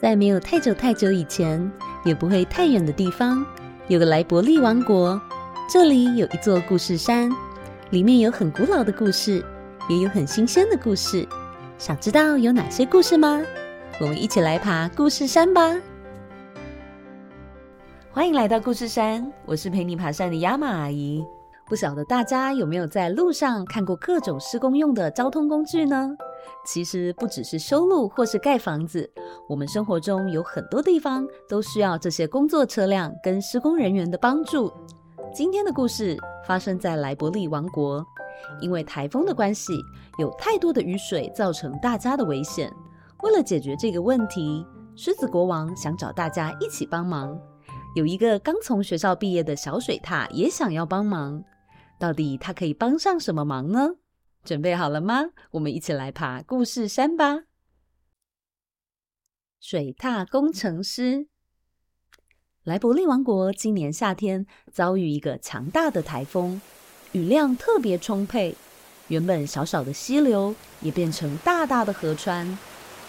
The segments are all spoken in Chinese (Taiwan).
在沒有太久太久以前，也不會太遠的地方，有個萊伯利王國。這裡有一座故事山，裡面有很古老的故事，也有很新鮮的故事。想知道有哪些故事嗎？我們一起來爬故事山吧！歡迎來到故事山，我是陪你爬山的亞馬阿姨。不曉得大家有沒有在路上看過各種施工用的交通工具呢？其實不只是修路或是蓋房子，我們生活中有很多地方都需要這些工作車輛跟施工人員的幫助。今天的故事發生在萊伯利王國，因為台風的關係，有太多的雨水造成大家的危險。為了解決這個問題，獅子國王想找大家一起幫忙。有一個剛從學校畢業的小水獺也想要幫忙，到底她可以幫上什麼忙呢？準備好了嗎？我們一起來爬故事山吧。水獺工程師萊伯利王國今年夏天遭遇一個強大的颱風，雨量特別充沛，原本小小的溪流也變成大大的河川。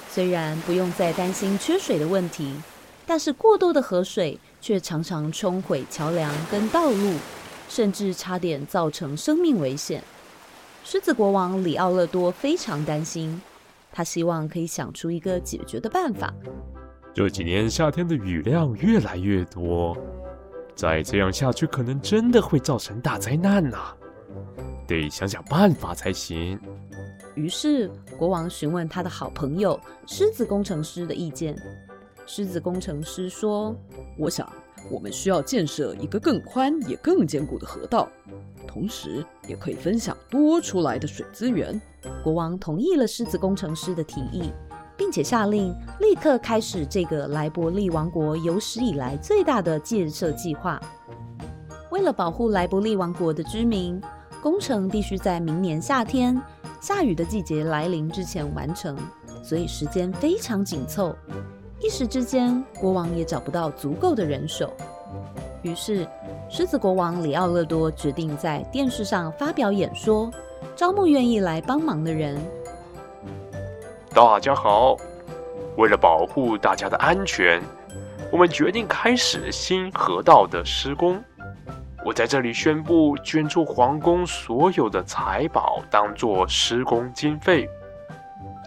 雖然不用再擔心缺水的問題，但是過多的河水卻常常沖毀橋梁跟道路，甚至差點造成生命危險。獅子國王李奧樂多非常擔心，他希望可以想出一個解決的辦法。這幾年夏天的雨量越來越多，再這樣下去，可能真的會造成大災難吶、啊，得想想辦法才行。於是，國王詢問他的好朋友獅子工程師的意見。獅子工程師說：“我想。”我們需要建設一個更寬也更堅固的河道，同時也可以分享多出來的水資源。國王同意了獅子工程師的提議，並且下令立刻開始這個萊伯利王國有史以來最大的建設計劃。為了保護萊伯利王國的居民，工程必須在明年夏天，下雨的季節來臨之前完成，所以時間非常緊湊。一時之間，國王也找不到足夠的人手。於是，獅子國王李奧樂多決定在電視上發表演說，招募願意來幫忙的人。大家好，為了保護大家的安全，我們決定開始新河道的施工。我在這裡宣布，捐出皇宮所有的財寶，當作施工經費。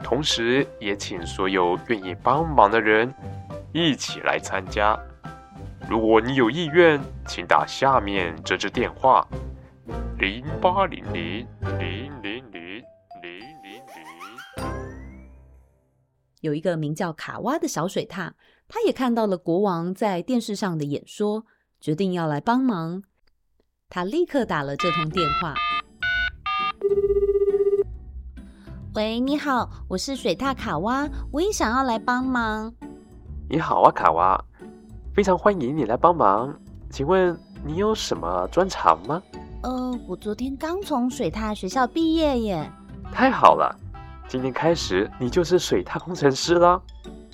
同時，也請所有願意幫忙的人一起來參加。如果你有意願，請打下面這支電話：零八零零零零零零零零。有一個名叫卡哇的小水獺，他也看到了國王在電視上的演說，決定要來幫忙。他立刻打了這通電話。喂，你好，我是水獺卡哇，我也想要來幫忙。你好啊，卡哇，非常歡迎你來幫忙。請問你有什麼專長嗎？呃，我昨天剛從水獺學校畢業耶。太好了，今天開始你就是水獺工程師了，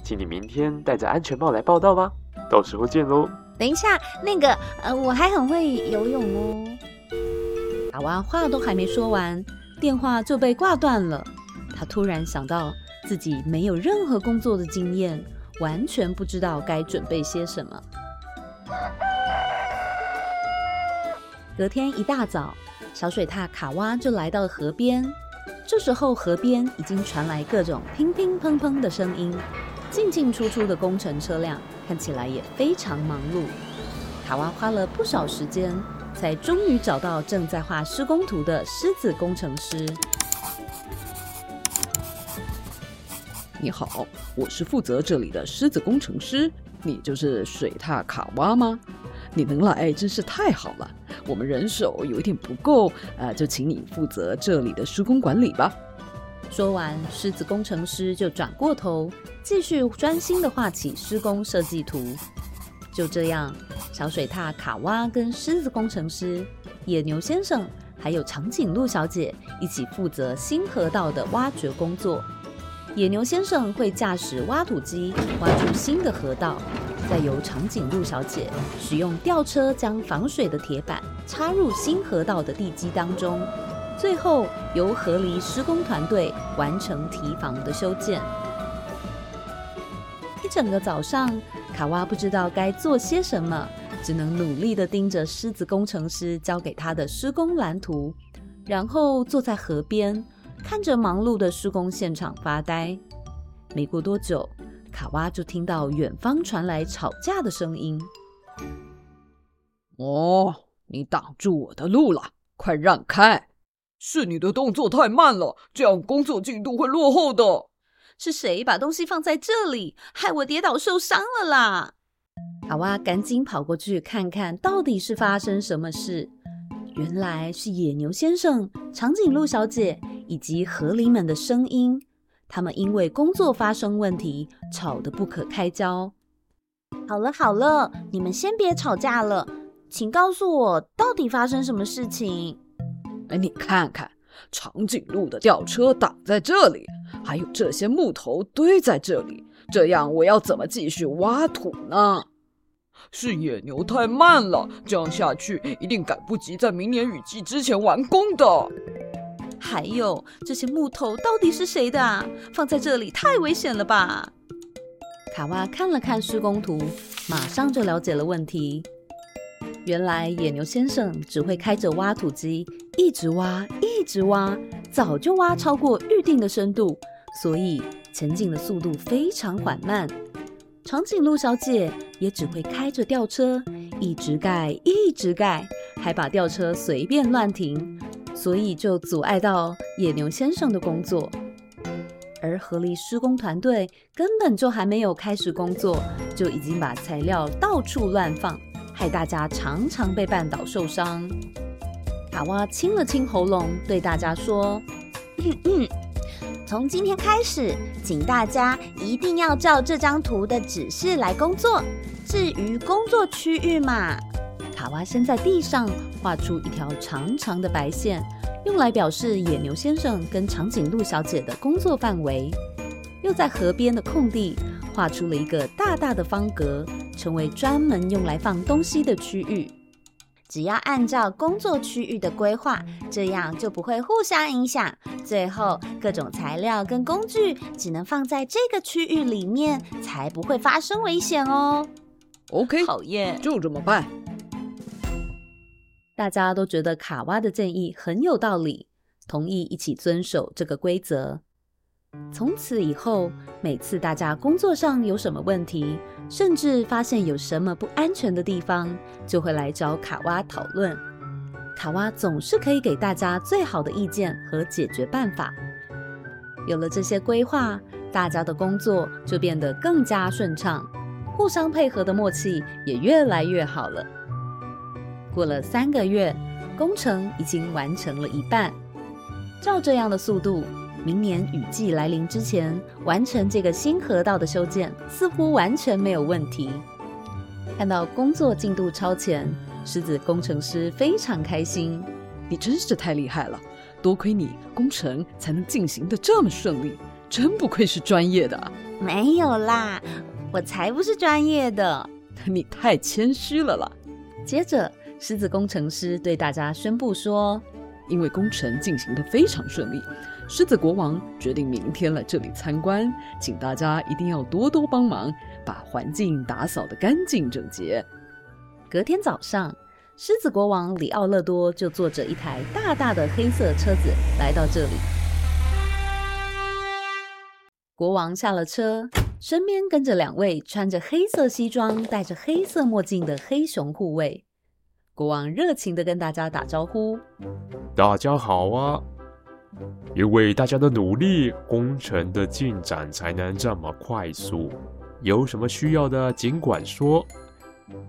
請你明天戴着安全帽來報到吧。到時候見嘍。等一下，那個，呃，我還很會游泳哦！卡哇話都還沒說完，電話就被掛斷了。他突然想到，自己沒有任何工作的經驗，完全不知道該準備些什麼。隔天一大早，小水獺卡哇就來到了河邊。這時候，河邊已經傳來各種乒乒乓乓的聲音，進進出出的工程車輛看起來也非常忙碌。卡哇花了不少時間，才終於找到正在畫施工圖的獅子工程師。你好，我是負責這裡的獅子工程師。你就是水獺卡哇嗎？你能來真是太好了。我們人手有一點不夠，呃，就請你負責這裡的施工管理吧。說完，獅子工程師就轉過頭，繼續專心地畫起施工設計圖。就這樣，小水獺卡哇跟獅子工程師、野牛先生還有長頸鹿小姐一起負責新河道的挖掘工作。野牛先生會駕駛挖土機挖出新的河道，再由長頸鹿小姐使用吊車將防水的鐵板插入新河道的地基當中，最後由河狸施工團隊完成堤防的修建。一整個早上，卡哇不知道該做些什麼，只能努力地盯着獅子工程師交給他的施工藍圖，然後坐在河邊，看着忙碌的施工現場發呆，沒過多久，卡哇就聽到遠方傳來吵架的聲音。哦，你擋住我的路了，快讓開！是你的動作太慢了，這樣工作進度會落後的。是誰把東西放在這裡，害我跌倒受傷了啦？卡哇趕緊跑過去看看，到底是發生什麼事？原來是野牛先生、長頸鹿小姐，以及河狸們的聲音，他們因為工作發生問題，吵得不可開交。好了好了，你們先別吵架了，請告訴我到底發生什麼事情。哎、呃，你看看，長頸鹿的吊車擋在這裡，還有這些木頭堆在這裡，這樣我要怎麼繼續挖土呢？是野牛太慢了，這樣下去一定趕不及在明年雨季之前完工的。還有這些木頭到底是誰的啊？放在這裡太危險了吧！卡哇看了看施工圖，馬上就了解了問題。原來野牛先生只會開着挖土機一直挖、一直挖，早就挖超過預定的深度，所以前進的速度非常緩慢。長頸鹿小姐也只會開着吊車一直蓋、一直蓋，還把吊車隨便亂停。所以就阻礙到野牛先生的工作，而河狸施工團隊根本就還沒有開始工作，就已經把材料到處亂放，害大家常常被絆倒受傷。卡哇清了清喉嚨，對大家說：“嗯，嗯，從今天開始，請大家一定要照這張圖的指示來工作。至於工作區域嘛……”我先在地上畫出一條長長的白線，用來表示野牛先生跟長頸鹿小姐的工作範圍。又在河邊的空地畫出了一個大大的方格，成為專門用來放東西的區域。只要按照工作區域的規劃，這樣就不會互相影響。最後，各種材料跟工具只能放在這個區域裡面，才不會發生危險哦。OK，好耶，就這麼辦。大家都覺得卡哇的建議很有道理，同意一起遵守這個規則。從此以後，每次大家工作上有什麼問題，甚至發現有什麼不安全的地方，就會來找卡哇討論。卡哇總是可以給大家最好的意見和解決辦法。有了這些規劃，大家的工作就變得更加順暢，互相配合的默契也越來越好了。過了三個月，工程已經完成了一半。照這樣的速度，明年雨季來臨之前完成這個新河道的修建，似乎完全沒有問題。看到工作進度超前，獅子工程師非常開心。「你真是太厲害了，多虧你，工程才能進行得這麼順利。真不愧是專業的。」「沒有啦，我才不是專業的。」「你太謙虛了啦。」接着。獅子工程師對大家宣布說：“因為工程進行得非常順利，獅子國王決定明天來這裡參觀，請大家一定要多多幫忙，把環境打掃得乾淨整潔。”隔天早上，獅子國王李奧樂多就坐着一台大大的黑色車子來到這裡。國王下了車，身邊跟着兩位穿着黑色西裝、戴着黑色墨鏡的黑熊護衛。國王熱情的跟大家打招呼：“大家好啊！因為大家的努力，工程的進展才能這麼快速。有什麼需要的，盡管說，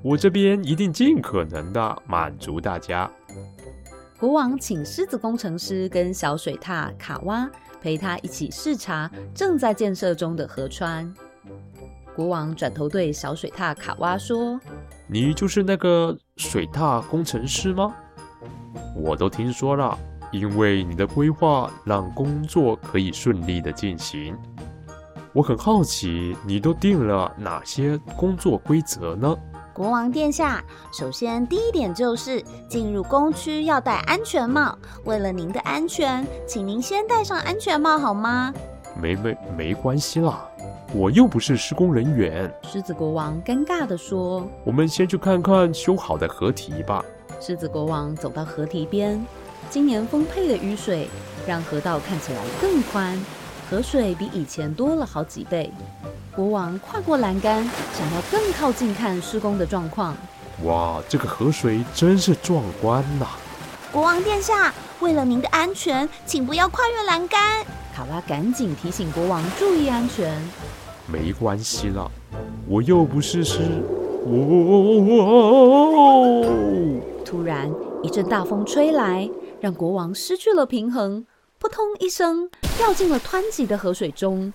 我這邊一定盡可能的滿足大家。”國王請獅子工程師跟小水獺卡哇陪他一起視察正在建設中的河川。國王轉頭對小水獺卡哇說：“你就是那個水獺工程師嗎？我都聽說了，因為你的規劃讓工作可以順利的進行。我很好奇，你都定了哪些工作規則呢？”國王殿下，首先第一點就是進入工區要戴安全帽。為了您的安全，請您先戴上安全帽好嗎？沒沒沒關係啦。我又不是施工人員，獅子國王尷尬地說：“我們先去看看修好的河堤吧。”獅子國王走到河堤邊，今年豐沛的雨水讓河道看起來更寬，河水比以前多了好幾倍。國王跨過欄杆，想要更靠近看施工的狀況。哇，這個河水真是壯觀吶、啊！國王殿下，為了您的安全，請不要跨越欄杆。卡哇趕緊提醒國王注意安全。沒關係啦，我又不是獅、哦哦。突然一陣大風吹來，讓國王失去了平衡，撲通一聲掉進了湍急的河水中。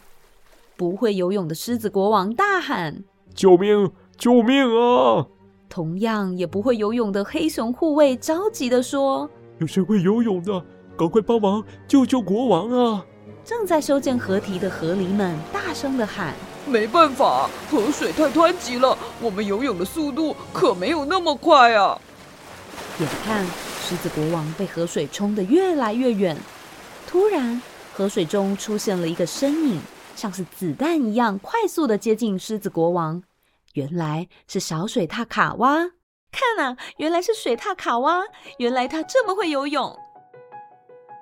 不會游泳的獅子國王大喊：“救命！救命啊！”同樣也不會游泳的黑熊護衛着急的說：“有誰會游泳的？趕快幫忙救救國王啊！”正在修建河堤的河狸們大聲地喊：“沒辦法，河水太湍急了，我們游泳的速度可沒有那麼快啊。”眼看獅子國王被河水沖得越來越遠，突然河水中出現了一個身影，像是子彈一樣快速地接近獅子國王。原來是小水獺卡哇！看啊，原來是水獺卡哇！原來他這麼會游泳。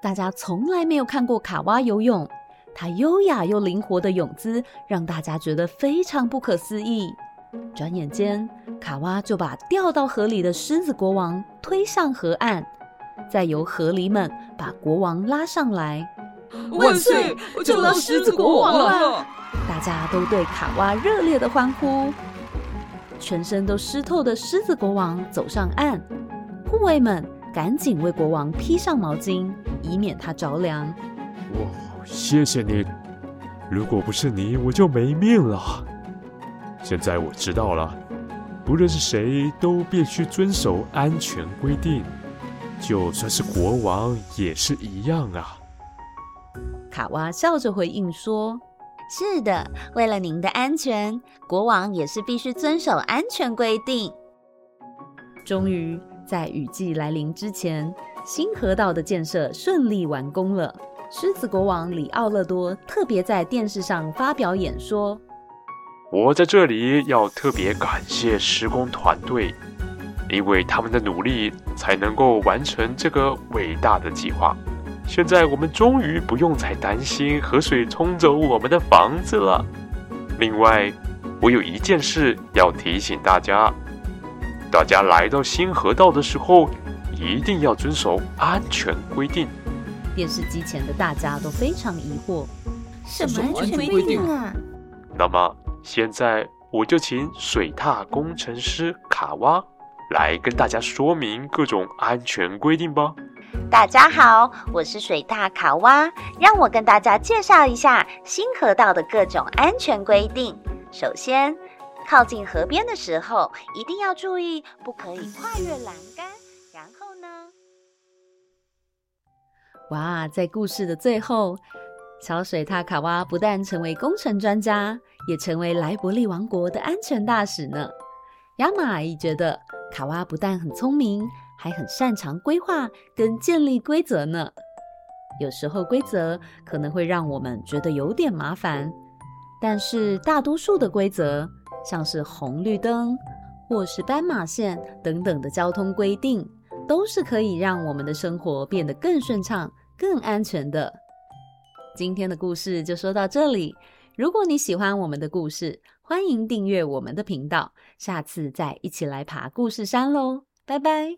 大家從來沒有看過卡哇游泳，她優雅又靈活的泳姿讓大家覺得非常不可思議。轉眼間，卡哇就把掉到河裡的獅子國王推向河岸，再由河狸們把國王拉上來。萬歲！我救到獅子國王了！大家都對卡哇熱烈的歡呼。全身都濕透的獅子國王走上岸，護衛們。趕緊為國王披上毛巾，以免他着涼。哇哦，謝謝你！如果不是你，我就沒命了。現在我知道了，不論是誰都必須遵守安全規定，就算是國王也是一樣啊。卡哇笑着回應說：“是的，為了您的安全，國王也是必須遵守安全規定。”終於。在雨季來臨之前，新河道的建設順利完工了。獅子國王李奧樂多特別在電視上發表演說：“我在這裡要特別感謝施工團隊，因為他們的努力才能夠完成這個偉大的計劃。現在我們終於不用再擔心河水沖走我們的房子了。另外，我有一件事要提醒大家。”大家來到新河道的時候，一定要遵守安全規定。電視機前的大家都非常疑惑，什麼安全規定啊？那麼現在我就請水獺工程師卡哇來跟大家說明各種安全規定吧。大家好，我是水獺卡哇，讓我跟大家介紹一下新河道的各種安全規定。首先。靠近河邊的時候，一定要注意，不可以跨越欄杆。然後呢？哇，在故事的最後，小水獺卡哇不但成為工程專家，也成為萊伯利王國的安全大使呢。Yama 阿姨覺得，卡哇不但很聰明，還很擅長規劃跟建立規則呢。有時候規則可能會讓我們覺得有點麻煩，但是大多數的規則。像是紅綠燈，或是斑馬線等等的交通規定，都是可以讓我們的生活變得更順暢、更安全的。今天的故事就說到這裡，如果你喜歡我們的故事，歡迎訂閱我們的頻道，下次再一起來爬故事山嘍，拜拜。